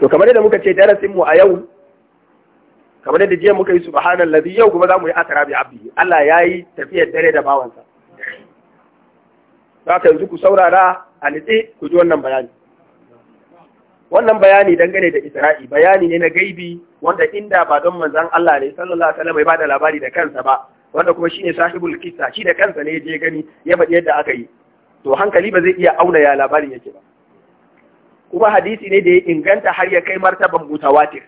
to kamar yadda muka ce darasin mu a yau kamar yadda jiya muka yi subhanan Ladi yau kuma za mu yi asara bi abdi Allah ya yi tafiyar dare da bawansa za ka yanzu ku saurara a nitse ku ji wannan bayani wannan bayani dangane da isra'i bayani ne na gaibi wanda inda ba don manzan Allah ne sallallahu alaihi wasallam bai bada labari da kansa ba wanda kuma shine sahibul kissa shi da kansa ne ya je gani ya faɗi yadda aka yi to hankali ba zai iya auna ya labarin yake ba kuma hadisi ne da ya inganta har ya kai martaban mutawatir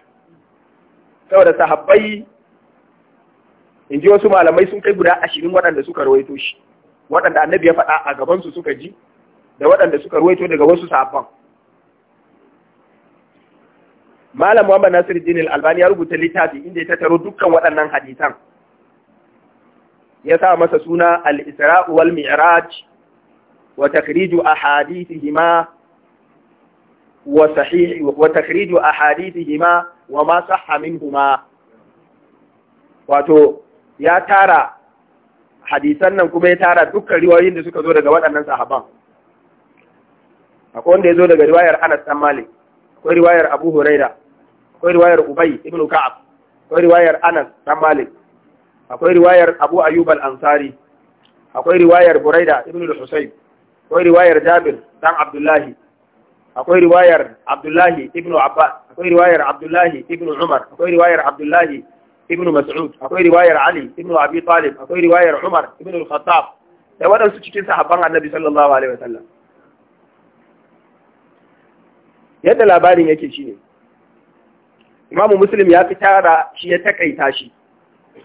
saboda sahabbai in ji wasu malamai sun kai guda ashirin waɗanda suka rawaito shi waɗanda annabi ya faɗa a gabansu suka ji da waɗanda suka rawaito daga wasu sahabban Malam Muhammad Nasir Jinil Albani ya rubuta littafi inda ya tattaro dukkan waɗannan hadisan. Ya sa masa suna Al-Isra'u wal Mi'raj a hadisi hima. Wa وصحيح وتخريج أحاديثهما وما صح منهما wato ya tara hadisan nan kuma ya tara dukkan riwayoyin da suka zo daga waɗannan sahaban akwai wanda ya zo daga riwayar Anas dan Malik akwai riwayar Abu Huraira akwai riwayar Ubay ibn Ka'ab akwai riwayar Anas dan Malik akwai riwayar Abu Ayyub al-Ansari akwai riwayar Buraida ibn al-Husayb akwai riwayar Jabir dan Abdullahi akwai riwayar Abdullahi ibn Abbas akwai riwayar Abdullahi ibn Umar akwai riwayar Abdullahi ibn Mas'ud akwai riwayar Ali ibn Abi Talib akwai riwayar Umar ibn al-Khattab da waɗansu cikin sahabban Annabi sallallahu alaihi wasallam yadda labarin yake shine Imam'u Muslim ya fi tara shi ya takaita shi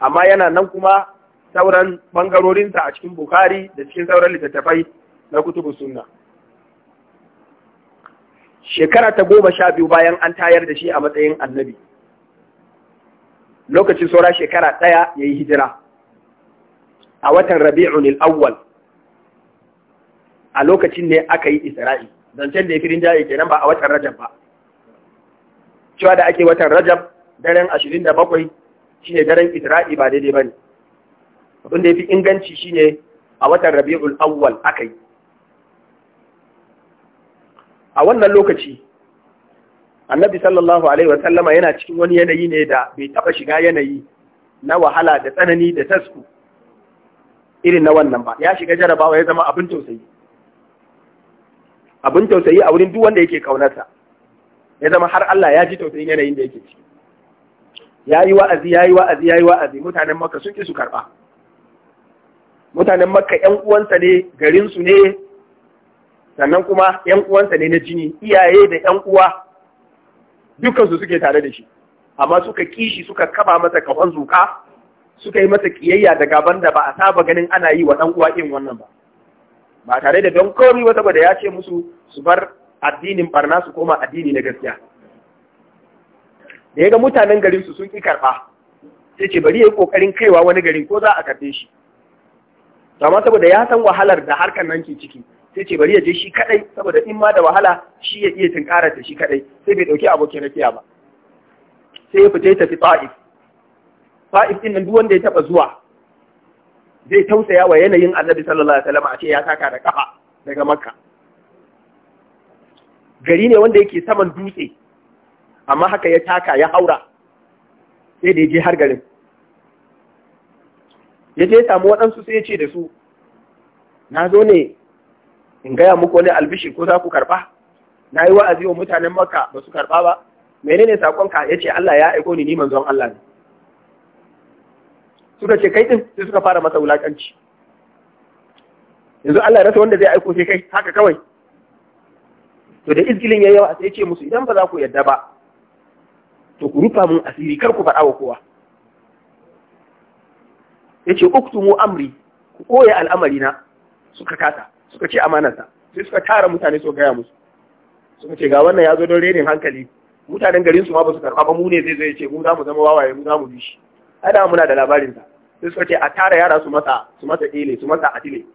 amma yana nan kuma sauran bangarorinsa a cikin Bukhari da cikin sauran littattafai na kutubu sunna shekara ta goma sha biyu bayan an tayar da shi a matsayin annabi lokacin saura shekara ɗaya ya yi hijira a watan rabi'un al'awwal a lokacin ne aka yi isra'i zancen da ya firin jaye kenan ba a watan rajab ba cewa da ake watan rajab daren ashirin da bakwai shine daren isra'i ba daidai ba ne abin ya fi inganci shine a watan rabi'un awwal aka yi a wannan lokaci annabi sallallahu alaihi wasallama yana cikin wani yanayi ne da bai taba shiga yanayi na wahala da tsanani da tasku irin na wannan ba ya shiga jarabawa ya zama abin tausayi abin tausayi a wurin duk wanda yake kaunarsa ya zama har Allah ya ji tausayin yanayin da yake ciki ya yi wa'azi ya yi wa'azi ya yi wa'azi mutanen makka sun ki su karɓa mutanen makka ‘yan uwansa ne garinsu ne sannan kuma ‘yan uwansa ne na jini iyaye da ‘yan uwa dukansu suke tare da shi amma suka kishi suka kaba masa kafan zuka suka yi masa kiyayya da gaban da ba a saba ganin ana yi wa ɗan uwa irin wannan ba ba tare da don komi wata ba da ya ce musu su bar addinin barna su koma addini na gaskiya da ya ga mutanen garinsu su sun ƙi karɓa sai ce bari ya yi ƙoƙarin kaiwa wani garin ko za a karɓe shi amma saboda ya san wahalar da harkar nan ke ciki sai ce bari ya je shi kadai saboda in ma da wahala shi ya iya tunkarar da shi kadai sai bai dauki abokin rakiya ba sai ya fita ya tafi fa'if fa'if din nan duk wanda ya taba zuwa zai tausaya wa yanayin annabi sallallahu alaihi wasallam a ce ya saka da kafa daga makka gari ne wanda yake saman dutse amma haka ya taka ya haura sai da ya je har garin ya je samu waɗansu sai ya ce da su na zo ne in gaya muku wani albishi ko za ku karɓa na yi wa'azi wa mutanen maka ba su karɓa ba menene saƙonka ya ce Allah ya aiko ni ni manzon Allah ne suka ce kai ɗin sai suka fara masa wulaƙanci yanzu Allah ya rasa wanda zai aiko sai kai haka kawai to da izgilin ya yawa sai ce musu idan ba za ku yadda ba to ku rufa mun asiri kar ku faɗa wa kowa ya ce uktumu amri ku koya al'amari na suka kasa suka ce amanarsa sai suka tara mutane su gaya musu suka ce ga wannan ya zo don renin hankali mutanen garin su ma ba su karɓa ba mu ne zai zai ce mu za mu zama wawaye mu za mu bi shi ada muna da labarin sa sai suka ce a tara yara su masa su masa ile su masa adile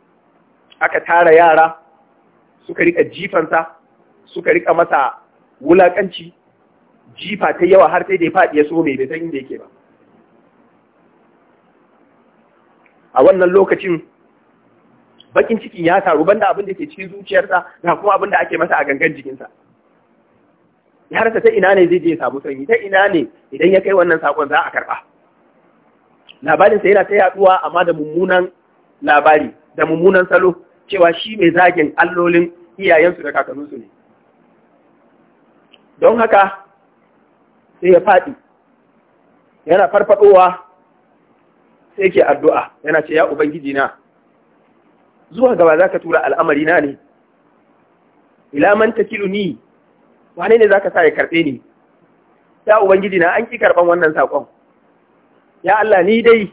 aka tara yara suka rika jifansa suka rika masa wulakanci jifa ta yawa har sai da ya faɗi ya so mai bai san inda yake ba a wannan lokacin bakin ciki ya taru banda abin da ke cikin zuciyarsa ga kuma abin da ake masa a gangan jikinsa ya rasa ta ina ne zai je samu sanyi ta ina ne idan ya kai wannan sakon za a karba labarin sa yana ta yaduwa amma da mummunan labari da mummunan salo cewa shi mai zagin allolin iyayensu da kakanninsu ne don haka sai ya faɗi yana farfadowa sai ke addu'a yana ce ya ubangiji na zuwa gaba za ka tura al'amari na ne ila man kilo ni wane ne za ka sa ya karɓe ni ya ubangiji na an ki karɓan wannan saƙon ya Allah ni dai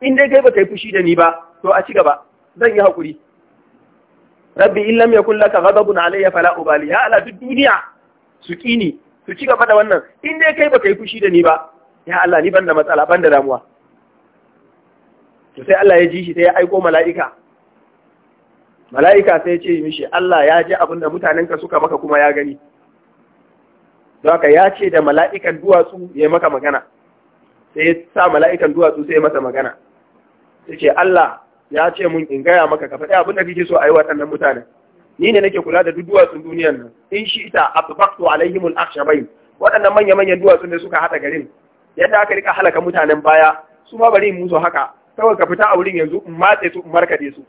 in dai ba ta yi fushi da ni ba to a ci gaba zan yi haƙuri rabbi in lam yakun laka ghadabun alayya fala ubali ya Allah duk duniya su ni, su ci gaba da wannan in dai kai ka yi fushi da ni ba ya Allah ni ban da matsala ban da damuwa to sai Allah ya ji shi sai ya aiko mala'ika mala'ika sai ce mishi Allah ya ji abin da mutanenka suka maka kuma ya gani don haka ya ce da mala'ikan duwatsu ya yi maka magana sai ya sa mala'ikan duwatsu sai ya masa magana sai ce Allah ya ce mun in gaya maka ka faɗi abin da kake so a yi waɗannan mutanen ni ne nake kula da duk duwatsun duniyar nan in shi ita abfaqtu alaihimul akhshabain waɗannan manya manyan duwatsun da suka haɗa garin yadda aka rika halaka mutanen baya su ma bari in musu haka kawai ka fita a wurin yanzu in matse su in markade su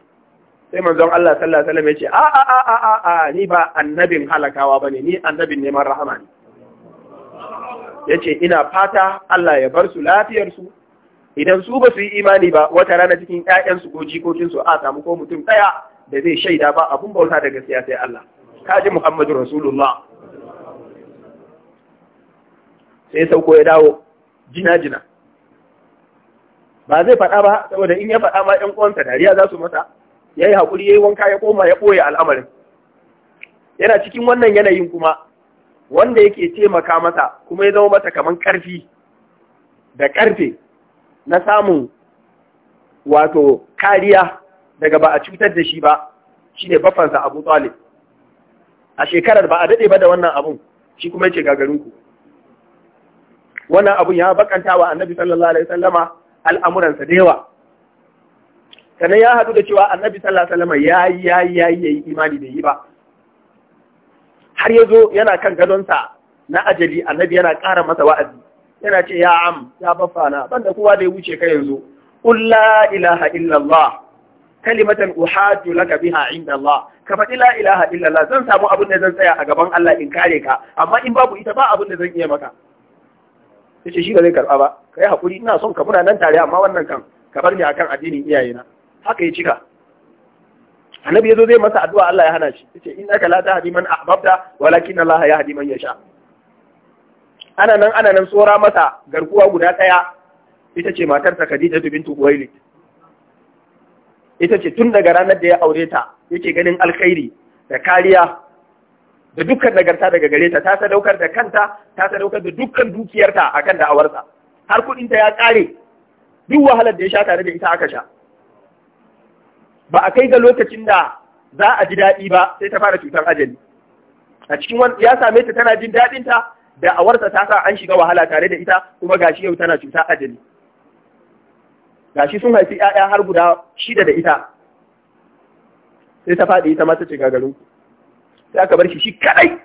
sai manzon Allah sallallahu alaihi wasallam ya ce a a a a a ni ba annabin halakawa bane ni annabin neman rahama ne ce ina fata Allah ya bar su lafiyar su idan su ba su yi imani ba wata rana cikin 'ya'yansu ko jikokinsu a samu ko mutum ɗaya da zai shaida ba abun bauta da gaskiya sai Allah kaji Muhammadu Rasulullah sai sauko ya dawo jina-jina ba zai faɗa ba saboda in ya faɗa ma ‘yan uwansa dariya za su masa ya yi haƙuri ya yi wanka ya koma ya ɓoye al'amarin yana cikin wannan yanayin kuma wanda yake taimaka masa kuma ya zama masa kamar ƙarfi da ƙarfe na samun wato kariya daga ba a cutar da shi ba shine bafansa Abu Talib a shekarar ba a daɗe ba da wannan abun shi kuma yace gagarinku wannan abun ya bakanta wa Annabi sallallahu alaihi wasallama al'amuransa da yawa sannan ya haɗu da cewa annabi sallallahu alaihi wasallam ya yi ya yi ya yi imani bai yi ba har ya zo yana kan gadon sa na ajali annabi yana ƙara masa wa'azi yana ce ya am ya baffana banda kowa da ya wuce ka yanzu qul la ilaha illallah kalimatan uhaju laka biha inda Allah ka faɗi la ilaha illallah zan samu abin da zan tsaya a gaban Allah in kare ka amma in babu ita ba abin da zan iya maka yace shi ba zai karba ba ka yi hakuri ina son ka muna nan tare amma wannan kan ka bar ni akan addinin iyayena haka ya cika annabi yazo zai masa addu'a Allah ya hana shi yace innaka la tahdi man ahbabta walakin Allah yahdi man sha. ana nan ana nan tsora masa garkuwa guda ɗaya ita ce matarsa Khadija bintu Khuwailid ita ce tun daga ranar da ya aure ta yake ganin alkhairi da kariya da dukkan nagarta daga gare ta ta sadaukar da kanta ta sadaukar da dukkan dukiyarta akan da'awarsa har kuɗinta ya ƙare duk wahalar da ya sha tare da ita aka sha ba a kai ga lokacin da za a ji daɗi ba sai ta fara cutar ajali a cikin wani ya same ta tana jin daɗin ta da warsa ta sa an shiga wahala tare da ita kuma gashi yau tana cuta ajali gashi sun haifi 'ya'ya har guda shida da ita sai ta faɗi ita ma ta ce gagarin sai aka bar shi shi kaɗai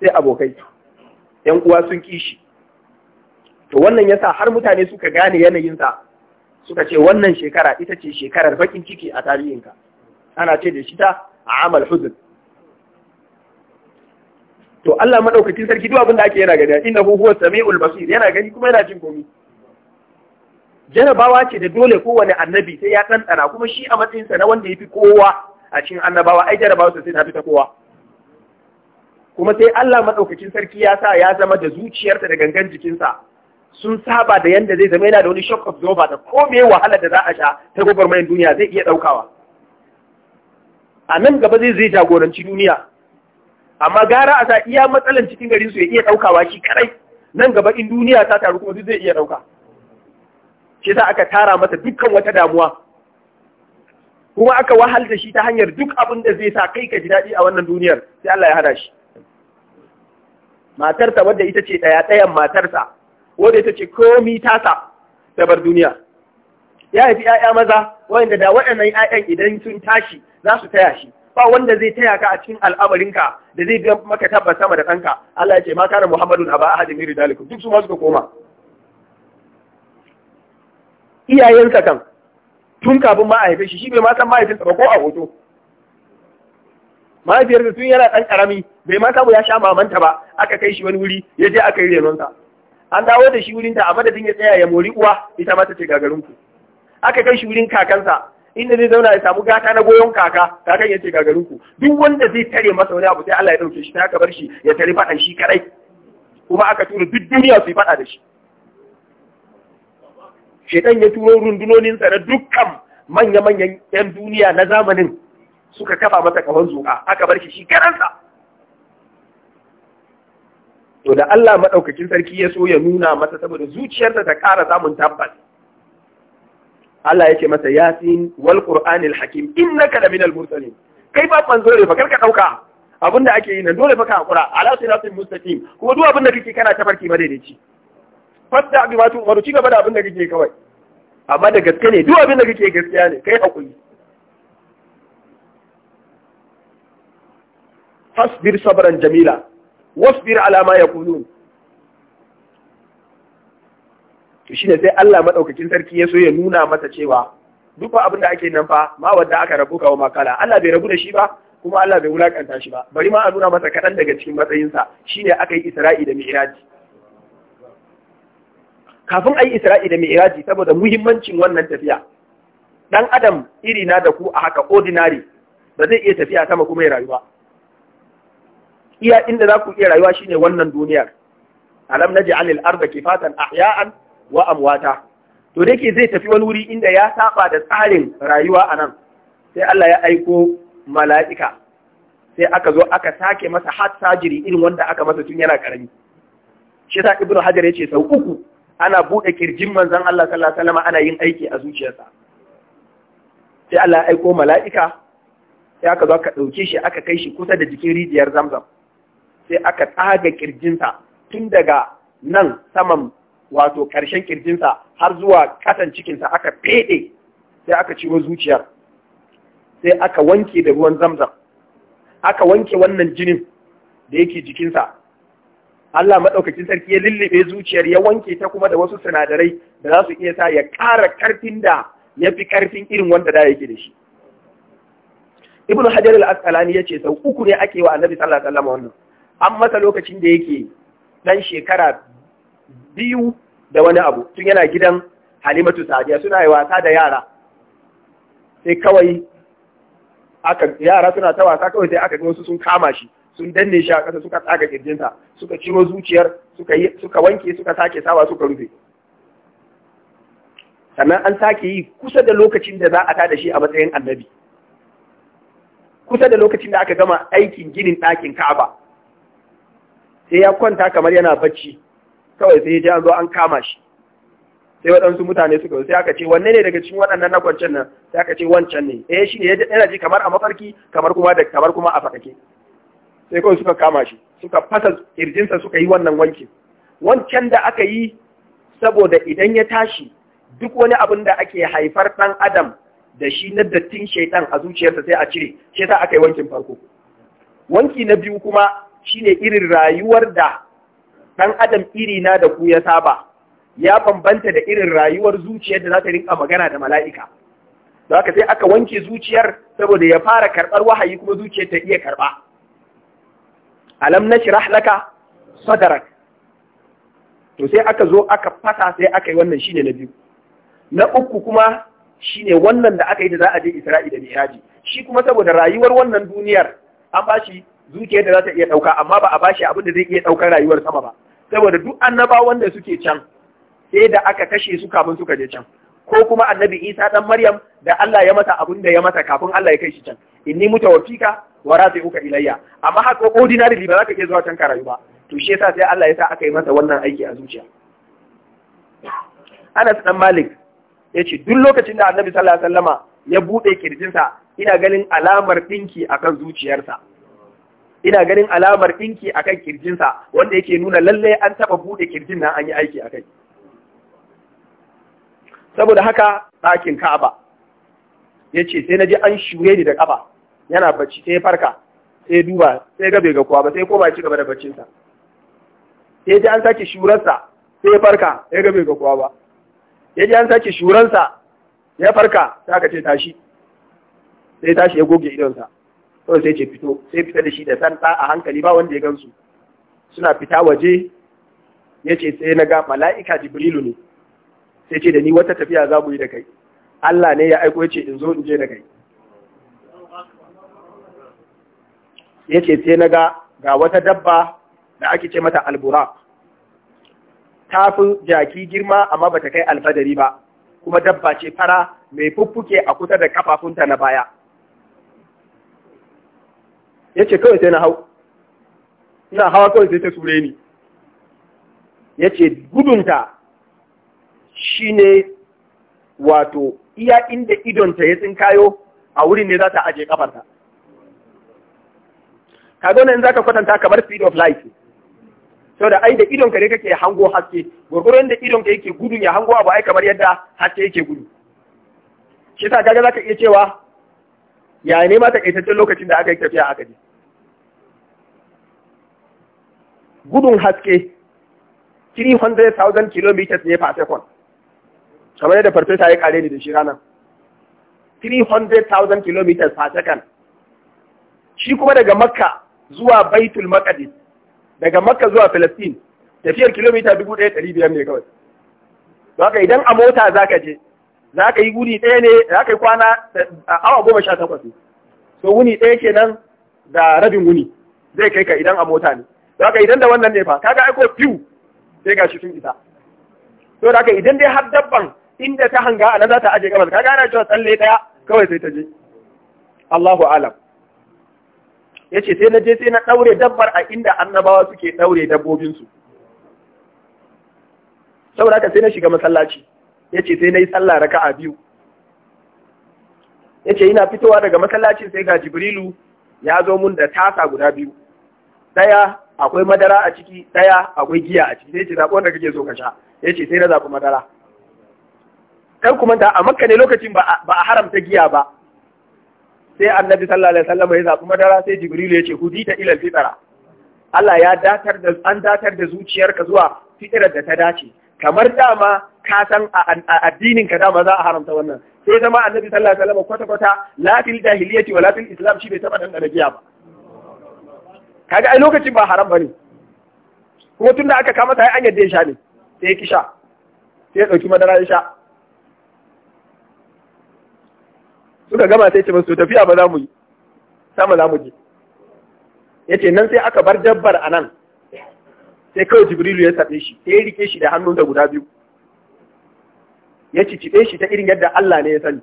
sai abokai ƴan uwa sun ƙi shi to wannan yasa har mutane suka gane yanayinsa suka ce wannan shekara ita ce shekarar bakin ciki a tarihinka ana ce da shi ta a amal huzun to Allah madaukakin sarki duk abin da ake yana gani inna hu huwa samiul basir yana gani kuma yana jin komai jarabawa ce da dole kowane annabi sai ya ɗanɗana kuma shi a matsayinsa na wanda ya fi kowa a cikin annabawa ai jarabawa sai ta fi ta kowa kuma sai Allah maɗaukacin sarki ya sa ya zama da zuciyarsa da gangan jikinsa sun saba da yanda zai zama yana da wani shock of zoba da kome wahala da za a sha ta mayan duniya zai iya ɗaukawa a nan gaba zai zai jagoranci duniya amma gara a sa iya matsalan cikin garin su ya iya ɗaukawa shi kadai nan gaba in duniya ta taru kuma zai iya ɗauka shi sa aka tara masa dukkan wata damuwa kuma aka wahal da shi ta hanyar duk abin da zai sa kai ka ji daɗi a wannan duniyar sai Allah ya hada shi matarsa wadda ita ce ɗaya ɗayan matarsa wadda ita ce komi tasa ta bar duniya ya haifi ‘ya'ya maza wanda da waɗannan ‘ya'yan idan sun tashi za su taya shi ba wanda zai taya ka a cikin al'amarinka da zai biya maka tabbas sama da ɗanka Allah ya ce ma na ba a hajji miri daliku, duk su ma suka koma iyayensa kan tun kafin ma shi shi bai ma san mahaifinsa ba ko a hoto mahaifiyarsa tun yana ɗan ƙarami bai ma samu ya sha mamanta ba aka kai shi wani wuri ya je aka yi renonsa an dawo da shi wurin ta a madadin ya tsaya ya mori uwa ita mata ce gagarin aka kai shi wurin kakansa inda zai zauna ya samu gata na goyon kaka kakan ya ce gagarin duk wanda zai tare masa wani abu sai Allah ya dauke shi ta aka bar shi ya tare faɗan shi kadai kuma aka tura duk duniya su yi faɗa da shi shedan ya turo rundunonin sa na dukkan manya-manyan 'yan duniya na zamanin suka kafa masa kawan zuwa aka bar shi shi karansa to da Allah maɗaukakin sarki ya so ya nuna masa saboda zuciyarsa ta ƙara samun tabbas Allah ya ce masa yasin wal qur'anil hakim innaka minal mursalin kai ba manzo ne fa karka dauka abinda ake yi nan dole fa ka hakura ala siratin mustaqim kuma duk abinda kake kana tafarki madaidaici fadda bi wato umaru ci gaba da abinda kake kawai amma da gaske ne duk abinda kake gaskiya ne kai hakuri fasbir sabran jamila wasbir ala ma yaqulun to shine sai Allah madaukakin sarki ya so ya nuna mata cewa duk abin da ake nan fa ma wanda aka rabu kawo makala Allah bai rabu da shi ba kuma Allah bai wulakanta shi ba bari ma a nuna masa kaɗan daga cikin matsayinsa shine aka yi Isra'i da Mi'raji kafin a yi Isra'i da Mi'raji saboda muhimmancin wannan tafiya dan adam iri na da ku a haka ordinary ba zai iya tafiya sama kuma ya rayu ba iya inda za ku iya rayuwa shine wannan duniyar alam naji al arda kifatan ahya'an wa amwata to da yake zai tafi wani wuri inda ya saba da tsarin rayuwa anan sai Allah ya aiko mala'ika sai aka zo aka sake masa har sajiri irin wanda aka masa tun yana karami shi sa ibnu hajar yace sau uku ana bude kirjin manzon Allah sallallahu alaihi wasallam ana yin aiki a zuciyarsa sai Allah ya aiko mala'ika sai aka zo aka dauke shi aka kai shi kusa da jikin rijiyar Zamzam sai aka tsaga kirjinsa tun daga nan saman wato ƙarshen kirjinsa har zuwa ƙasan cikinsa aka feɗe sai aka ciro zuciyar sai aka wanke da ruwan zamzam aka wanke wannan jinin da yake jikinsa Allah maɗaukacin sarki ya lullube zuciyar ya wanke ta kuma da wasu sinadarai da za su iya sa ya ƙara ƙarfin da ya fi ƙarfin irin wanda da yake da shi ibnu hajar al-asqalani ce sau uku ne ake wa annabi sallallahu alaihi wannan an masa lokacin da yake ɗan shekara biyu da wani abu tun yana gidan halimatu sadiya suna yi wasa da yara sai kawai aka yara suna ta wasa kawai sai aka wasu sun kama shi sun danne shi a ƙasa suka tsaga kirjinsa suka ciro zuciyar suka wanke suka sake sawa suka rufe sannan an sake yi kusa da lokacin da za a tada shi a matsayin annabi kusa da lokacin da aka gama aikin ginin ɗakin ka'aba sai ya kwanta kamar yana bacci kawai sai ya an zo an kama shi sai waɗansu mutane suka sai aka ce wanne ne daga cikin waɗannan na kwancen nan sai aka ce wancan ne eh shi ne yana ji kamar a mafarki kamar kuma da kamar kuma a fakake sai kawai suka kama shi suka fasa irjinsa suka yi wannan wanki wancan da aka yi saboda idan ya tashi duk wani abin da ake haifar ɗan adam da shi na dattin shaitan a zuciyarsa sai a cire shi yasa aka yi wankin farko wanki na biyu kuma shine irin rayuwar da ɗan adam iri na da ku ya saba ya bambanta da irin rayuwar zuciyar da za ta rinka magana da mala'ika da haka sai aka wanke zuciyar saboda ya fara karɓar wahayi kuma zuciyar ta iya karɓa alam na shi rahlaka, sadrak to sai aka zo aka fasa sai aka yi wannan shine na biyu na uku kuma shine wannan da aka yi da za a je Isra'ila da Mi'raji shi kuma saboda rayuwar wannan duniyar an ba shi zuciyar da za ta iya ɗauka amma ba a bashi abin da zai iya ɗaukar rayuwar sama ba saboda duk annaba wanda suke can sai da aka kashe su kafin suka je can ko kuma annabi Isa dan Maryam da Allah ya masa abin da ya masa kafin Allah ya kai shi can inni wafika wa uka ilayya amma haka ordinary ba za ka iya zuwa can ka rayu ba to shi yasa sai Allah ya sa aka yi masa wannan aiki a zuciya Anas dan Malik ya ce duk lokacin da annabi sallallahu alaihi wasallama ya buɗe kirjinsa ina ganin alamar ɗinki akan zuciyarsa ina ganin alamar ɗinki akan kirjinsa wanda yake nuna lalle an taɓa buɗe kirjin nan an yi aiki a kai. saboda haka ɗakin ka'aba ya ce sai na ji an shure ni da ƙafa yana bacci sai farka sai duba sai gabe ga kowa ba sai koma ci gaba da baccinsa sai ji an sake shurarsa sai farka sai gabe ga kowa ba ya ji an sake shurarsa ya farka sai aka ce tashi sai tashi ya goge idonsa kawai sai ce fito sai fita da shi da sanda a hankali ba wanda ya gansu suna fita waje ya ce sai na ga mala'ika jibrilu ne sai ce da ni wata tafiya za mu yi da kai Allah ne ya aiko ya ce in zo in je da kai ya ce sai na ga ga wata dabba da ake ce mata albura ta fi jaki girma amma ba ta kai alfadari ba kuma dabba ce fara mai fuffuke a kusa da kafafunta na baya ya ce kawai sai na hau ina hawa kawai sai ta sure ni ya ce gudunta shi ne wato iya inda idonta ya tsinkayo a wurin ne za ta aje kafarta ka zo in za ka kwatanta kamar speed of light sau da ai da idon ka ne kake hango haske gwargwaro yadda idon ka yake gudun ya hango abu ai kamar yadda haske yake gudu shi sa kaga za ka iya cewa ya ne ma takaitaccen lokacin da aka yi tafiya aka je gudun haske 300,000 km ne per second kamar yadda farfesa ya kare ni da shi ranar 300,000 km per second shi kuma daga makka zuwa baitul maqdis daga makka zuwa Filistin, tafiyar kilomita 1,500 ne kawai haka idan a mota za ka je za ka yi wuni ɗaya ne za ka yi kwana a awa goma sha takwas so wuni ɗaya kenan da rabin wuni zai kai ka idan a mota ne Daga idan da wannan ne fa kaga aiko biyu sai ga shi sun isa to daga idan dai har dabban inda ta hanga a nan za ta aje gabas kaga ana cewa tsalle daya kawai sai ta je Allahu alam yace sai na je sai na daure dabbar a inda annabawa suke daure dabbobin su saboda haka sai na shiga masallaci yace sai na yi sallah raka'a biyu yace ina fitowa daga masallacin sai ga Jibrilu ya zo mun da tasa guda biyu daya akwai madara a ciki ɗaya akwai giya a ciki sai ce zaɓi wanda kake so ka sha ya ce sai na zaɓi madara ɗan kuma da a makka ne lokacin ba a haramta giya ba sai annabi sallallahu alaihi wasallam ya zaɓi madara sai jibril ya ce ta ila fitara Allah ya datar da an datar da zuciyarka zuwa fitarar da ta dace kamar dama ka san a addinin ka dama za a haramta wannan sai zama annabi sallallahu alaihi wasallam kwata kwata lafil fil jahiliyyati wa lafil islam shi bai taɓa dangana giya ba kaga ai lokacin ba haram bane kuma tunda aka kama ta an yadda ya sha ne sai ya ki sha sai ya dauki madara ya sha suka gama sai ce musu tafiya ba za mu yi sama za mu je yace nan sai aka bar dabbar anan sai kawai jibrilu ya tabe shi sai ya rike shi da hannunsa guda biyu ya cicibe shi ta irin yadda Allah ne ya sani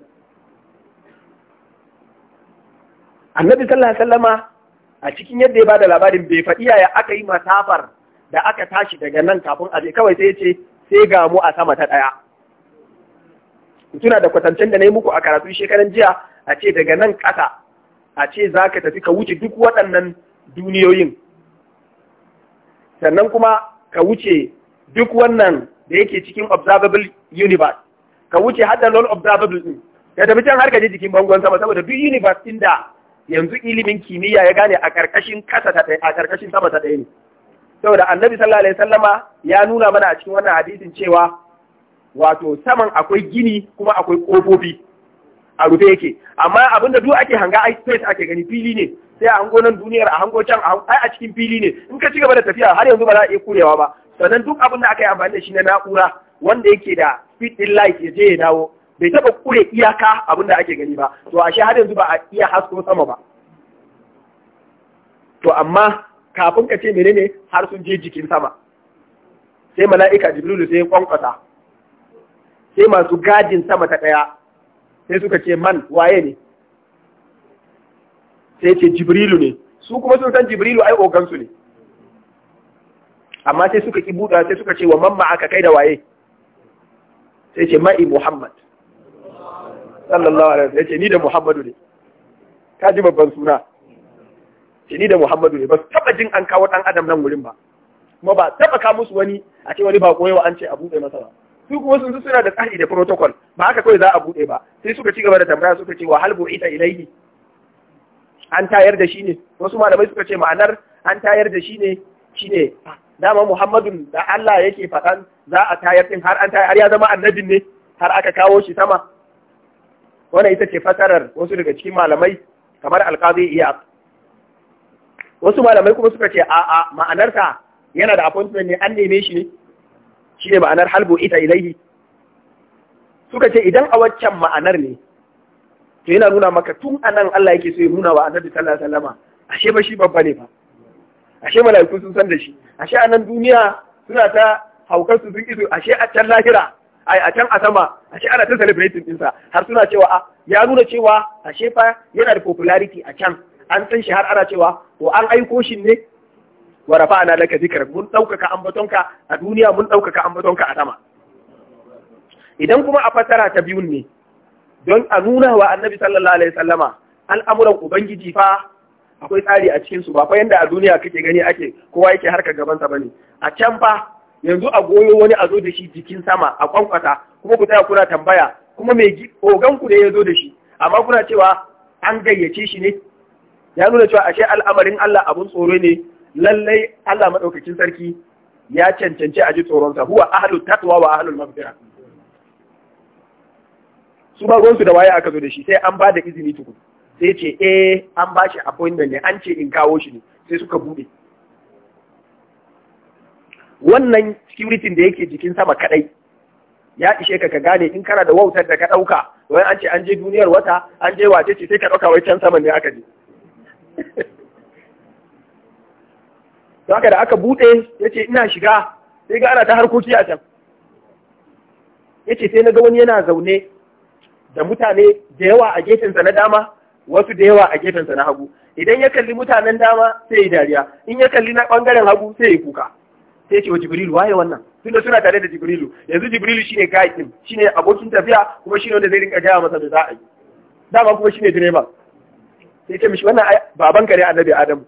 annabi sallallahu alaihi wasallama a cikin yadda ya ba da labarin bai faɗi yaya aka yi masafar da aka tashi daga nan kafin aje kawai sai ce sai ga mu a sama ta ɗaya tuna da kwatancen da na yi muku a karatu shekaran jiya a ce daga nan ƙasa a ce za ka tafi ka wuce duk waɗannan duniyoyin sannan kuma ka wuce duk wannan da yake cikin observable universe ka wuce har da non observable ɗin ka tafi can har ka je jikin bangon sama saboda duk universe ɗin da yanzu ilimin kimiyya ya gane a ƙarƙashin kasa ta ɗaya a ƙarƙashin sama ta ɗaya ne saboda annabi sallallahu alaihi sallama ya nuna mana a cikin wannan hadisin cewa wato saman akwai gini kuma akwai ƙofofi a rufe yake amma abinda duk ake hanga ai space ake gani fili ne sai a hango nan duniyar a hango can ai a cikin fili ne in ka ci gaba da tafiya har yanzu ba za a iya kurewa ba sannan duk abin da aka yi amfani da shi na na'ura wanda yake da fitin light ya je ya dawo bai taba kure iyaka abin da ake gani ba to a har yanzu ba a iya hasko sama ba to amma kafin ka ce menene har sun je jikin sama sai mala'ika jibrilu sai ya kwankwasa sai masu gadin sama ta ɗaya sai suka ce man waye ne sai ce jibrilu ne su kuma sun san jibrilu ai ogansu ne amma sai suka ki buɗa sai suka ce wa mamma aka kai da waye sai ce ma'i muhammad sallallahu alaihi wasallam yace ni da Muhammadu ne ka ji babban suna ce ni da Muhammadu ne ba su taba jin an kawo dan adam nan wurin ba kuma ba taba ka musu wani a ce wani ba koyewa an ce a buɗe masa ba su kuma sun suna da tsari da protocol ba haka kawai za a buɗe ba sai suka ci gaba da tambaya suka ce wa hal bu'ita ilaihi an tayar da shi ne wasu malamai suka ce ma'anar an tayar da shi ne shine dama Muhammadun da Allah yake faɗan za a tayar din har an tayar har ya zama annabin ne har aka kawo shi sama wannan ita ce fasarar wasu daga cikin malamai kamar alqazi iya wasu malamai kuma suka ce a a ma'anarsa yana da appointment ne an neme shi ne shi ne ma'anar halbo ita ilaihi suka ce idan a waccan ma'anar ne to yana nuna maka tun anan Allah yake so ya nuna wa annabi sallallahu alaihi wasallama ashe ba shi babba ne fa ashe mala'iku sun san da shi ashe anan duniya suna ta haukar su sun iso ashe a can lahira ai a can a sama a shi ana ta celebrating ɗinsa har suna cewa a ah, ya nuna cewa a shefa yana da popularity a can an san shi har ana cewa ko an aiko shi ne wa rafa'ana laka zikr mun ɗaukaka ambatonka a duniya mun ɗaukaka ambatonka a sama idan kuma a fassara ta biyun ne don a nuna wa annabi sallallahu alaihi sallama al'amuran ubangiji fa akwai tsari a cikin su ba fa yanda a duniya kake gani ake kowa yake harka gabansa bane a can fa yanzu a goyo wani a zo da shi jikin sama a kwankwata kuma ku tsaya kuna tambaya kuma mai ogan ku ne ya zo da shi amma kuna cewa an gayyace shi ne ya nuna cewa ashe al'amarin Allah abun tsoro ne lallai Allah madaukakin sarki ya cancanci a ji tsoronsa huwa ahlu taqwa wa ahlul maghfira su ba gonsu da waye aka zo da shi sai an ba da izini tukun sai ce eh an ba shi appointment ne an ce in kawo shi ne sai suka bude wannan security da yake jikin sama kadai ya ishe ka ka gane in kana da wautar da ka ɗauka wai an ce an je duniyar wata an je wace ce sai ka ɗauka wai can sama ne aka je haka da aka buɗe ya ce ina shiga sai ga ana ta harkoki a can ya ce sai na ga wani yana zaune da mutane da yawa a gefensa na dama wasu da yawa a gefensa na hagu idan ya kalli mutanen dama sai ya dariya in ya kalli na ɓangaren hagu sai ya kuka sai ce wa jibrilu waye wannan tunda suna tare da jibrilu yanzu jibrilu shine guide shine abokin tafiya kuma shine wanda zai rinka gaya masa da za a yi dama kuma shine direba sai ce mishi wannan baban kare annabi adam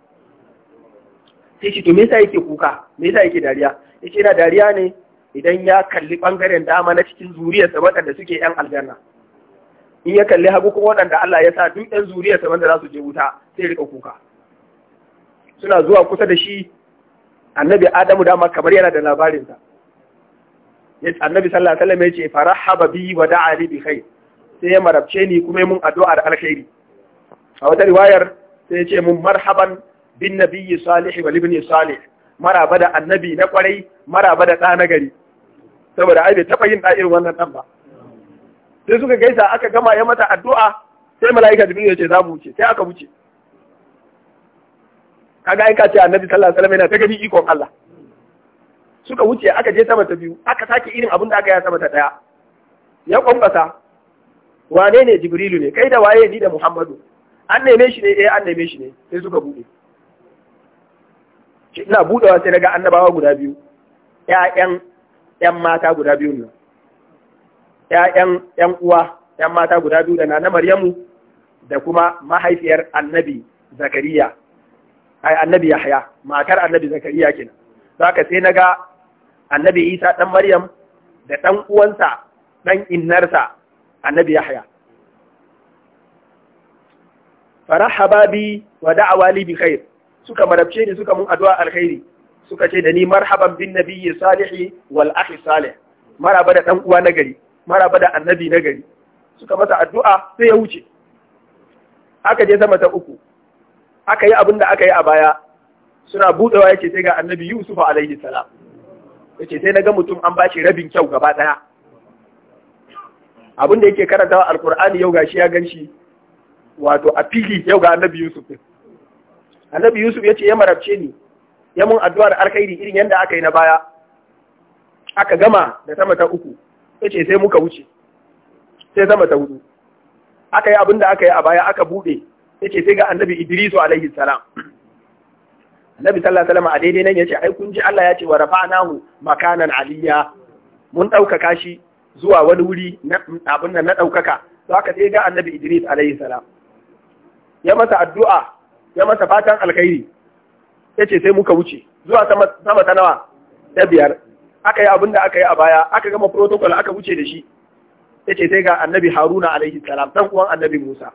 sai ce to me yasa yake kuka me yasa yake dariya yace yana dariya ne idan ya kalli bangaren dama na cikin zuriyarsa wadanda suke yan aljanna in ya kalli hagu kuma waɗanda Allah ya sa duk yan zuriyarsa wanda za su je wuta sai rika kuka suna zuwa kusa da shi annabi adamu dama kamar yana da labarinsa annabi sallallahu alaihi wasallam ya ce farahaba bi wa da'a li bi khair sai ya marabce ni kuma mun addu'a da alkhairi a wata riwayar sai ya ce mun marhaban bin nabiyyi salih wa ibn salih maraba da annabi na kwarai maraba da ɗa na gari saboda ai bai taɓa yin irin wannan ɗan ba sai suka gaisa aka gama ya mata addu'a sai mala'ika jibril ya ce za mu wuce sai aka wuce kaga ai ka ce annabi sallallahu alaihi wasallam yana ta gani ikon Allah suka wuce aka je sama ta biyu aka sake irin abin da aka yi sama ta daya ya kwambata wane ne jibrilu ne kai da waye ni da muhammadu an neme shi ne eh an neme shi ne sai suka bude ina budewa sai daga annabawa guda biyu ƴaƴan ƴan mata guda biyu ne ƴaƴan ƴan uwa ƴan mata guda biyu da na Maryamu da kuma mahaifiyar annabi Zakariya annabi Yahya matar annabi Zakariya kenan zaka sai naga annabi Isa dan Maryam da dan uwansa dan innarsa annabi Yahya farahaba bi wa da'awa li bi khair suka marabce ni suka mun addu'a alkhairi suka ce da ni marhaban bin nabiyyi salihi wal akhi salih maraba da dan uwa nagari maraba da annabi nagari suka masa addu'a sai ya wuce aka je sama ta uku aka yi abin da aka yi a baya suna budewa yake sai ga annabi Yusuf alaihi salam yake sai naga mutum an bashi rabin kyau gaba daya abin da yake karantawa alkur'ani yau gashi ya ganshi wato a fili yau ga annabi Yusuf annabi Yusuf yace ya marabce ni ya mun addu'ar alkhairi irin yanda aka yi na baya aka gama da sama ta uku yace sai muka wuce sai sama ta hudu aka yi abin da aka yi a baya aka bude yake sai ga annabi Idrisu alaihi salam annabi sallallahu alaihi wasallam a daidai nan yace ai kun ji Allah ya ce wa rafa'nahu makanan aliyya mun ɗaukaka shi zuwa wani wuri na abin nan na ɗaukaka To haka sai ga annabi Idris alaihi salam ya masa addu'a ya masa fatan alkhairi yace sai muka wuce zuwa sama sama ta nawa ta biyar aka yi abin da aka yi a baya aka gama protocol aka wuce da shi yace sai ga annabi Haruna alaihi salam dan uwan annabi Musa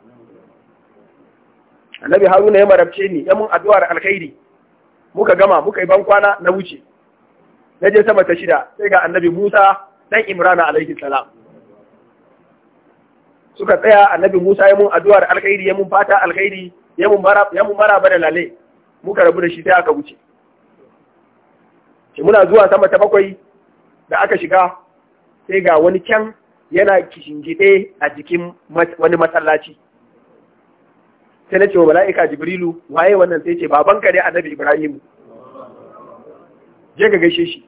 annabi haruna ya marabce ni ya mun addu'ar alkhairi muka gama muka yi bankwana, na wuce na je sama ta shida sai ga annabi musa dan imran alaihi salam suka tsaya annabi musa ya mun addu'ar alkhairi ya mun fata alkhairi ya mun bara ya mun bara bada lale muka rabu da shi sai aka wuce ki muna zuwa sama ta bakwai da aka shiga sai ga wani kyan yana kishingide a jikin wani masallaci sai na ce wa mala'ika jibrilu waye wannan sai ce babanka ne annabi ibrahimu je ka gaishe shi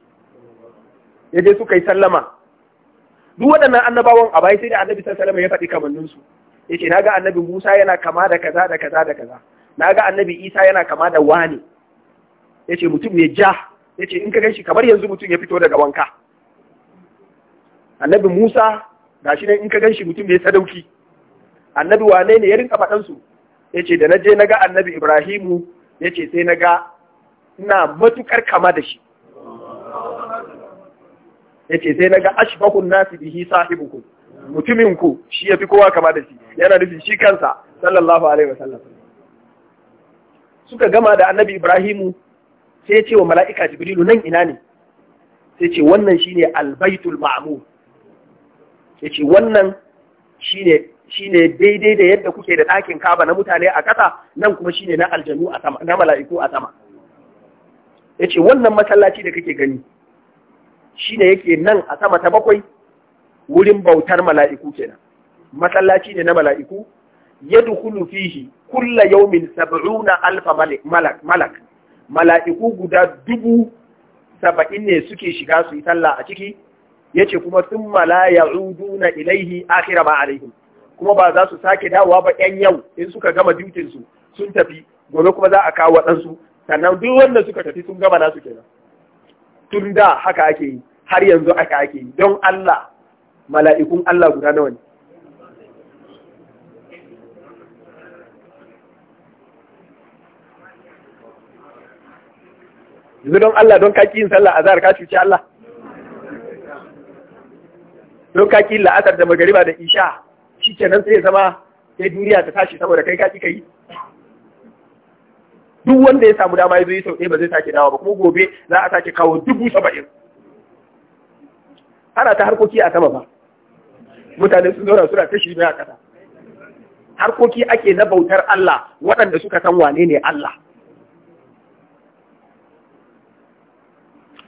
ya je suka yi sallama duk waɗannan annabawan a bai sai da annabi sallallahu ya faɗi kamannin su na naga annabi Musa yana kama da kaza da kaza da kaza naga annabi Isa yana kama da wani Ya ce mutum ya ja Ya ce in ka gaishe kamar yanzu mutum ya fito daga wanka annabi Musa gashi ne in ka ganshi mutum ya sadauki annabi wane ne ya rinka faɗansu yace da naje naga annabi ibrahimu yace sai naga ina matukar kama da shi yace sai naga ashbahun nasi bihi sahibuku mutumin ku shi fi kowa kama da shi yana nufin shi kansa sallallahu alaihi wasallam suka gama da annabi ibrahimu sai ya ce wa mala'ika jibrilu nan ina ne sai ce wannan shine albaitul ma'mur yace wannan shine shine daidai da yadda kuke da ɗakin kaba na mutane a ƙasa nan kuma shine na aljanu a sama na mala'iku a sama yace wannan masallaci da kake gani shine yake nan a sama ta bakwai wurin bautar mala'iku kenan masallaci ne na mala'iku yadkhulu fihi kulla yawmin sab'una alfa malak mala'iku guda dubu saba'in ne suke shiga su yi sallah a ciki yace kuma sun mala ya'uduna ilaihi akhira ma alaihim kuma ba za su sake dawowa ba yan yau in suka gama dutin su sun tafi gobe kuma za a kawo waɗansu sannan duk wanda suka tafi sun gama nasu kenan tun da haka ake yi har yanzu haka ake yi don Allah mala'ikun Allah guda nawa ne yanzu don Allah don kaki yin sallah azhar ka cuci Allah don kaki la'asar da magariba da isha shi kenan sai zama sai duniya ta tashi saboda kai ka kika yi duk wanda ya samu dama ya zo yi sau ɗaya ba zai sake dawa ba kuma gobe za a sake kawo dubu saba'in ana ta harkoki a sama ba mutane sun zauna suna ta shirme a ƙasa harkoki ake na bautar Allah waɗanda suka san wane ne Allah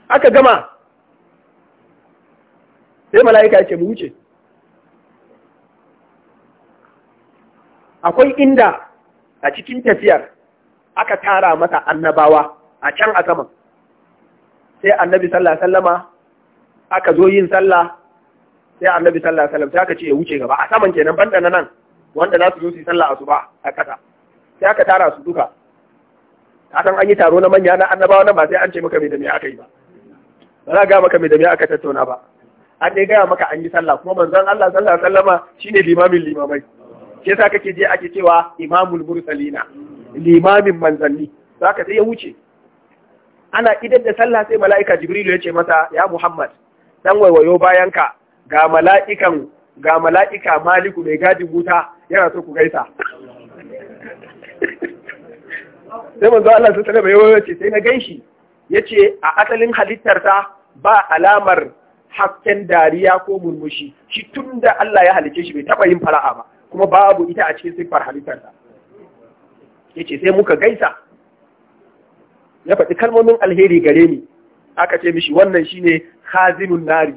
aka gama sai mala'ika ya ce mu wuce akwai inda a cikin tafiyar aka tara mata annabawa a can a saman sai annabi sallallahu sallama aka zo yin sallah sai annabi sallallahu sallam sai aka ce ya wuce gaba a saman kenan banda na nan wanda za su zo su yi sallah a su ba a kasa sai aka tara su duka ka san an yi taro na manya na annabawa nan ba sai an ce maka mai da me aka yi ba ba za ga maka mai da me aka tattauna ba an dai gaya maka an yi sallah kuma manzon Allah sallallahu alaihi wasallama shine limamin limamai shi yasa kake je ake cewa imamul mursalina limamin manzanni zaka sai ya wuce ana idan da sallah sai mala'ika jibrilu ya ce masa ya muhammad dan waiwayo bayanka ga mala'ikan ga mala'ika maliku mai gadi wuta yana so ku gaisa sai manzo Allah sai sallama ya ce sai na gaishi yace a asalin halittarsa ba alamar hasken dariya ko murmushi shi tunda Allah ya halice shi bai taba yin fara'a ba kuma babu ita a cikin siffar halittarsa ya ce sai muka gaisa ya faɗi kalmomin alheri gare ni aka ce mishi wannan shine hazinun nari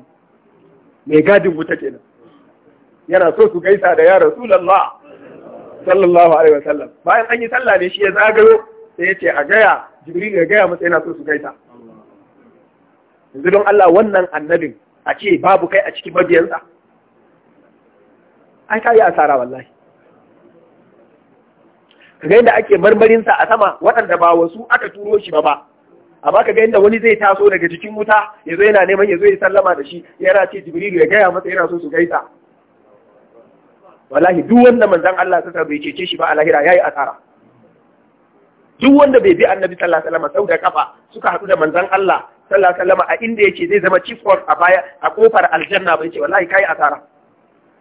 mai gadin wuta kenan yana so su gaisa da ya rasulallah sallallahu alaihi wasallam bayan an yi sallah ne shi ya zagayo sai ya ce a gaya jibril ya gaya masa yana so su gaisa yanzu don Allah wannan annabin a ce babu kai a cikin mabiyansa ai ka yi asara wallahi kaga yadda ake marmarin sa a sama waɗanda ba wasu aka turo shi ba ba amma kaga yadda wani zai taso daga cikin wuta ya zo yana neman ya zo ya sallama da shi yana ce jibrilu ya gaya masa yana so su gaisa wallahi duk wanda manzon Allah sassa bai cece shi ba a lahira yayi asara duk wanda bai bi annabi sallallahu alaihi wasallam sau da kafa suka haɗu da manzon Allah sallallahu alaihi wasallam a inda yake zai zama chief a baya a kofar aljanna bai ce wallahi kai asara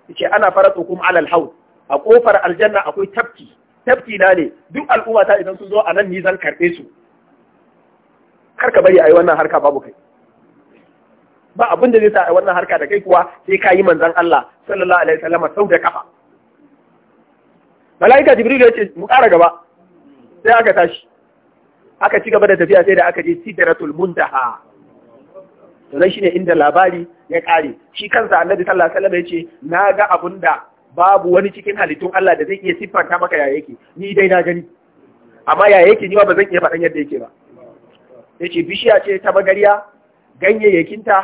yace ana faratukum alal haud a kofar aljanna akwai tafki tafki na ne duk al'umma ta idan sun zo a nan ni zan karbe su kar ka bari a yi wannan harka babu kai ba abin da zai sa a wannan harka da kai kuwa sai ka yi manzon Allah sallallahu alaihi wasallam sau da kafa mala'ika jibril ya ce mu ƙara gaba sai aka tashi aka ci gaba da tafiya sai da aka je sidratul muntaha to nan shine inda labari ya kare shi kansa annabi sallallahu alaihi ya ce na ga abun da babu wani cikin halittun Allah da zai iya siffanta maka ya yake ni dai na gani amma ya yake ni ba zan iya faɗan yadda yake ba ce bishiya ce ta bagariya ganyayyakinta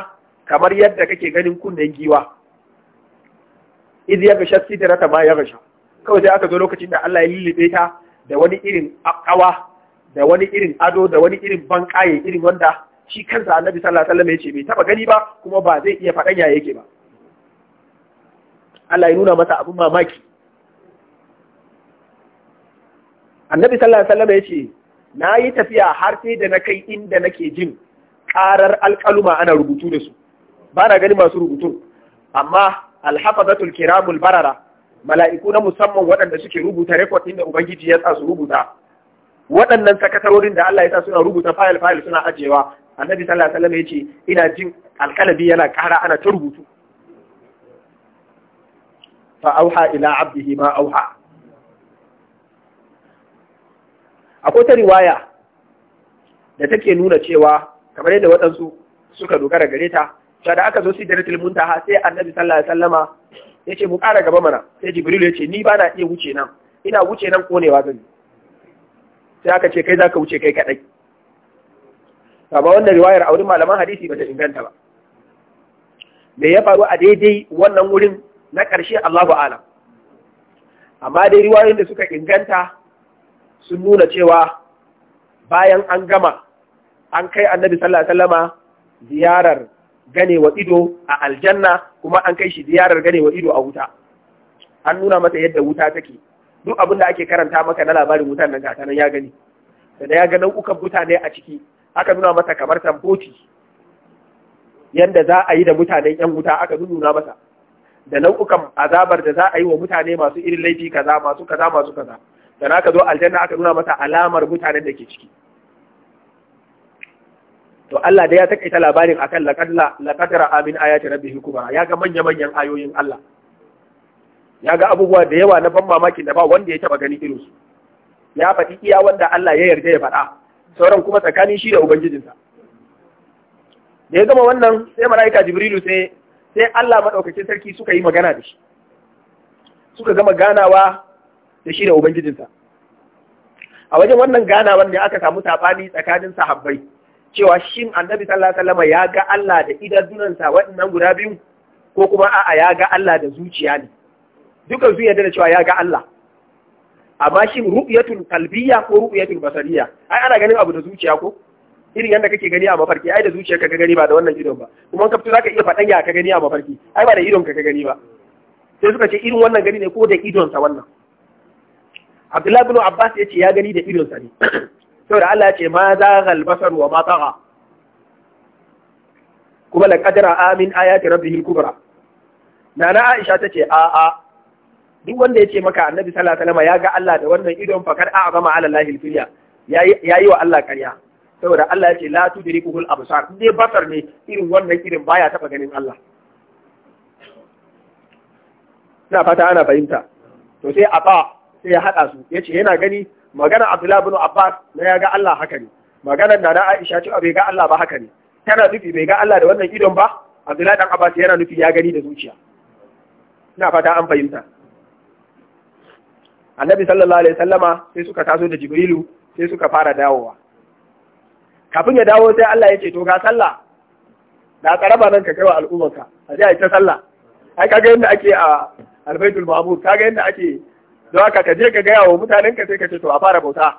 kamar yadda kake ganin kunnen giwa idh yaghsha ta ma yaghsha kawai sai aka zo lokacin da Allah ya lullube ta da wani irin akawa da wani irin ado da wani irin bankaye irin wanda shi kansa annabi sallallahu alaihi wasallam ya bai taba gani ba kuma ba zai iya faɗan ya yake ba Allah ya nuna masa abin mamaki annabi sallallahu alaihi wasallam ya ce na yi tafiya har sai da na kai inda nake jin karar alƙaluma ana rubutu da su ba na gani masu rubutun amma alhafazatul kiramul barara mala'iku na musamman waɗanda suke rubuta rekod ɗin da ubangiji ya sa su rubuta waɗannan sakatarorin da Allah ya sa suna rubuta fayil fayil suna ajewa annabi sallallahu alaihi wasallam yace ina jin alkalabi yana ƙara ana ta rubutu fa auha ila abdihi ma auha akwai ta riwaya da take nuna cewa kamar yadda waɗansu suka dogara gare ta cewa da aka zo sidratul muntaha sai annabi sallallahu alaihi wasallama yace mu ƙara gaba mana sai jibril yace ni ba na iya wuce nan ina wuce nan konewa zan sai aka ce kai zaka wuce kai kadai saba wannan riwayar a wurin malaman hadisi bata inganta ba me ya faru a daidai wannan wurin na ƙarshe Allahu alam amma dai riwayoyin da suka inganta sun nuna cewa bayan an gama an kai annabi sallallahu alaihi wasallama ziyarar ganewa ido a aljanna kuma an kai shi ziyarar ganewa ido a wuta an nuna masa yadda wuta take duk abin da ake karanta maka na labarin wutan nan gata nan ya gani da ya ga nau'ukan mutane a ciki aka nuna masa kamar tamboci Yadda za a yi da mutanen yan wuta aka nuna masa da nau'ukan azabar da za a yi wa mutane masu irin laifi kaza masu kaza masu kaza da ka zo aljanna aka nuna masa alamar mutanen da ke ciki to Allah da ya takaita labarin akan laqad laqad ra'a min ayati rabbihil ya ga manya manyan ayoyin Allah ya ga abubuwa da yawa na ban mamakin da ba wanda ya taba gani irinsu ya faɗi iya wanda Allah ya yarda ya faɗa sauran kuma tsakanin shi da ubangijinsa da ya gama wannan sai maraika jibrilu sai sai Allah maɗaukacin sarki suka yi magana da shi suka gama ganawa da shi da ubangijinsa a wajen wannan ganawar ne aka samu saɓani tsakanin sahabbai cewa shin annabi sallama ya ga Allah da idanunansa waɗannan guda biyu ko kuma a'a ya ga Allah da zuciya ne Dukansu yadda da cewa ya ga Allah a shi ru'yatul Kalbiya ko ru'yatul basariya ai ana ganin abu da zuciya ko irin yadda kake gani a mafarki ai da zuciya ka gani ba da wannan idon ba kuma ka fito zaka iya faɗan ya ka gani a mafarki ai ba da idon ka gani ba sai suka ce irin wannan gani ne ko da idon sa wannan Abdullahi bin Abbas ya ce ya gani da idon sa ne saboda Allah ya ce ma gal basar wa ma tagha kuma la ra'a amin ayati rabbihil kubra nana Aisha tace a a duk wanda ya ce maka annabi sallallahu alaihi wasallam ya ga Allah da wannan idon fakar a azama ala lahil filya yayi wa Allah kariya saboda Allah ya ce la tudrikuhul absar dai basar ne irin wannan irin baya taba ganin Allah ina fata ana fahimta to sai ba sai ya haɗa su yace yana gani magana Abdullah ibn Abbas na ya ga Allah haka ne maganar Nana Aisha ce bai ga Allah ba haka ne tana nufi bai ga Allah da wannan idon ba Abdullah dan Abbas yana nufi ya gani da zuciya ina fata an fahimta annabi sallallahu alaihi sallama sai suka taso da jibrilu sai suka fara dawowa kafin ya dawo sai Allah ya ce to ga sallah da karaba nan ka kai wa al'ummarka a je a yi ta sallah ai kaga yadda ake a albaitul ma'mur kaga yadda ake don haka ka je ka gaya wa mutanen ka sai ka ce to a fara bauta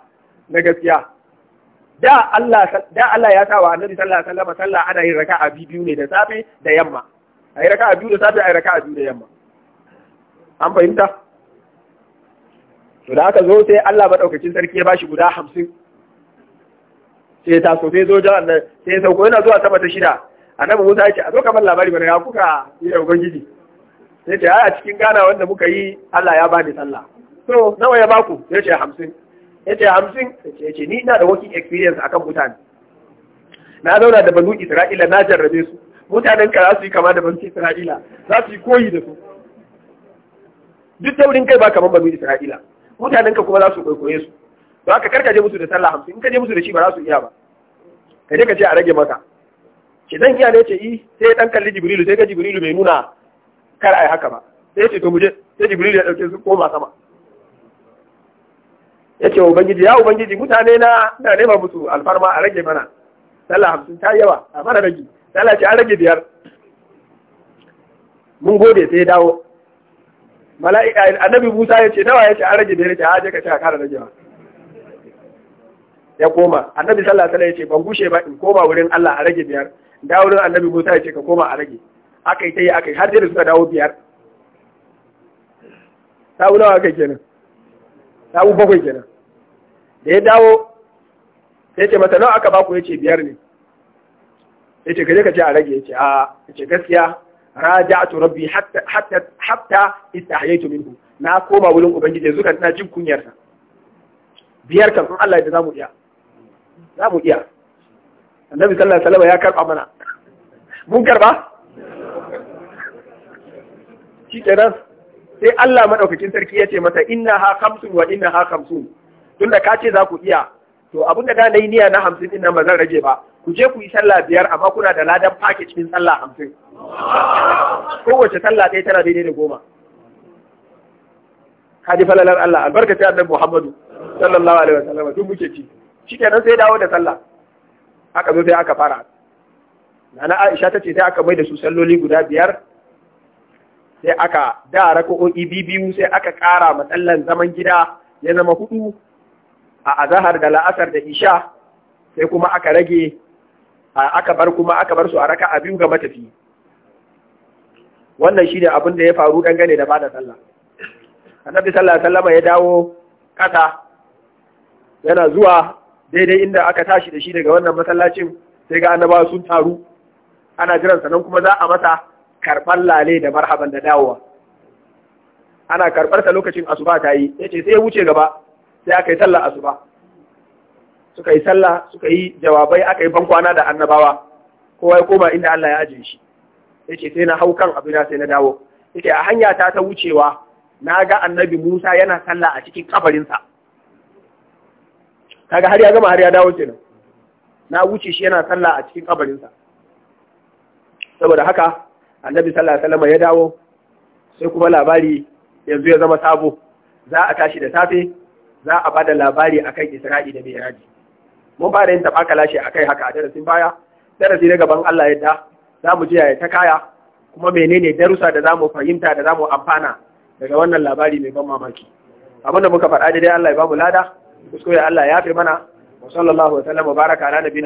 na gaskiya da Allah da Allah ya sa wa annabi sallallahu alaihi sallama sallah ana yin raka'a biyu ne da safe da yamma ai raka'a biyu da safe ai raka'a biyu da yamma an fahimta to da aka zo sai Allah maɗaukacin sarki ya bashi guda hamsin sai ya taso sai zo jihar nan sai ya sauko yana zuwa sama ta shida annabi Musa ya ce a zo kamar labari mana ya kuka yi da ubangiji sai ce a cikin gana wanda muka yi Allah ya bani sallah to nawa ya baku ya ce hamsin ya ce hamsin ya ce ni ina da working experience akan mutane na zauna da banu Isra'ila na jarrabe su mutanen ka za su yi kama da banu Isra'ila za su yi koyi da su duk taurin kai ba kamar banu Isra'ila Mutanenka kuma za su kwaikwaye su to haka karka je musu da sallah hamsin in ka je musu da shi ba za su iya ba ka je ka ce a rage maka Ki zan iya ne ce i sai dan kalli jibrilu sai ga jibrilu mai nuna kar ai haka ba sai ya ce to mu je sai jibrilu ya dauke su koma sama ya ce ubangiji ya ubangiji mutane na na nema musu alfarma a rage mana sallah hamsin ta yawa a mana rage sallah ce a rage biyar mun gode sai ya dawo mala'ika annabi Musa ya ce nawa ya an rage da ya ce a je ka ce a kara ragewa ya koma annabi sallallahu alaihi wasallam ya ce ban gushe ba in koma wurin Allah a rage biyar da wurin annabi Musa ya ce ka koma a rage aka yi ta yi aka yi har da suka dawo biyar sabu nawa aka kenan sabu bakwai kenan da ya dawo ya ce mata nawa aka baku ya ce biyar ne ya ce gaje ka ce a rage ya ce a ce gaskiya raja'tu rabbi hatta hatta hatta istahyaytu minhu na koma wurin ubangiji zuka kan ina jin kunyar sa biyar kan Allah ya zamu iya zamu iya annabi sallallahu alaihi wasallam ya karba mana mun karba shi kenan sai Allah madaukakin sarki ya ce mata inna ha khamsun wa inna ha khamsun tunda ka ce za ku iya to abinda da nayi niyya na hamsin din nan ba zan rage ba ku je ku yi sallah biyar amma kuna da ladan package cikin sallah hamsin kowace sallah ɗaya tana daidai da goma kaji falalar Allah Albarka, ta annabi Muhammadu sallallahu alaihi wasallam duk muke ci shikenan sai dawo da sallah aka zo sai aka fara nana Aisha tace sai aka mai da su salloli guda biyar sai aka da raka'o'i biyu sai aka ƙara matsallan zaman gida ya zama hudu a azahar da la'asar da isha sai kuma aka rage aka bar kuma aka bar su a raka a biyu ga matafi wannan shine abin da ya faru dangane da bada sallah annabi sallallahu alaihi wasallam ya dawo kasa yana zuwa daidai inda aka tashi da shi daga wannan masallacin sai ga annabawa sun taru ana jiran sanan kuma za a masa karɓar lale da marhaban da dawowa ana karɓar sa lokacin asuba ta yi yace sai ya wuce gaba sai aka yi sallar asuba suka yi sallah suka yi jawabai aka yi bankwana da annabawa kowa ya koma inda Allah ya ajiye shi yace sai na hau kan abu na sai na dawo yace a hanya ta ta wucewa na ga annabi Musa yana sallah a cikin sa kaga har ya gama har ya dawo ce na wuce shi yana sallah a cikin sa saboda haka annabi sallallahu alaihi wasallam ya dawo sai kuma labari yanzu ya zama sabo za a tashi da safe za a bada labari akan Isra'i da Mi'raj mun fara yin taɓa kalashi a kai haka a darasin baya darasi na gaban Allah yadda za mu jiya ta kaya kuma menene darussa da za mu fahimta da za mu amfana daga wannan labari mai ban mamaki abin da muka faɗa dai, Allah ya ba mu lada kuskure Allah ya fi mana wa sallallahu wa baraka ala nabiyina